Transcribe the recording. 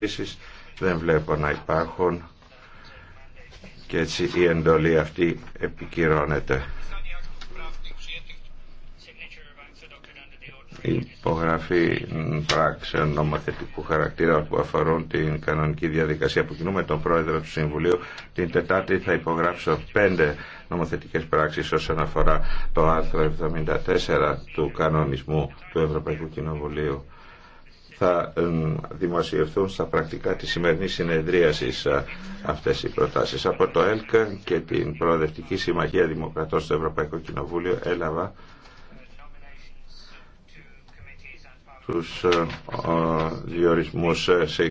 Επίσης δεν βλέπω να υπάρχουν και έτσι η εντολή αυτή επικυρώνεται. Η υπογραφή πράξεων νομοθετικού χαρακτήρα που αφορούν την κανονική διαδικασία που κινούμε τον πρόεδρο του Συμβουλίου την Τετάρτη θα υπογράψω πέντε νομοθετικές πράξεις όσον αφορά το άρθρο 74 του κανονισμού του Ευρωπαϊκού Κοινοβουλίου θα δημοσιευθούν στα πρακτικά της σημερινής συνεδρίασης αυτές οι προτάσεις. Από το ΕΛΚΑ και την Προοδευτική Συμμαχία Δημοκρατών στο Ευρωπαϊκό Κοινοβούλιο έλαβα τους ε, διορισμούς ε, σε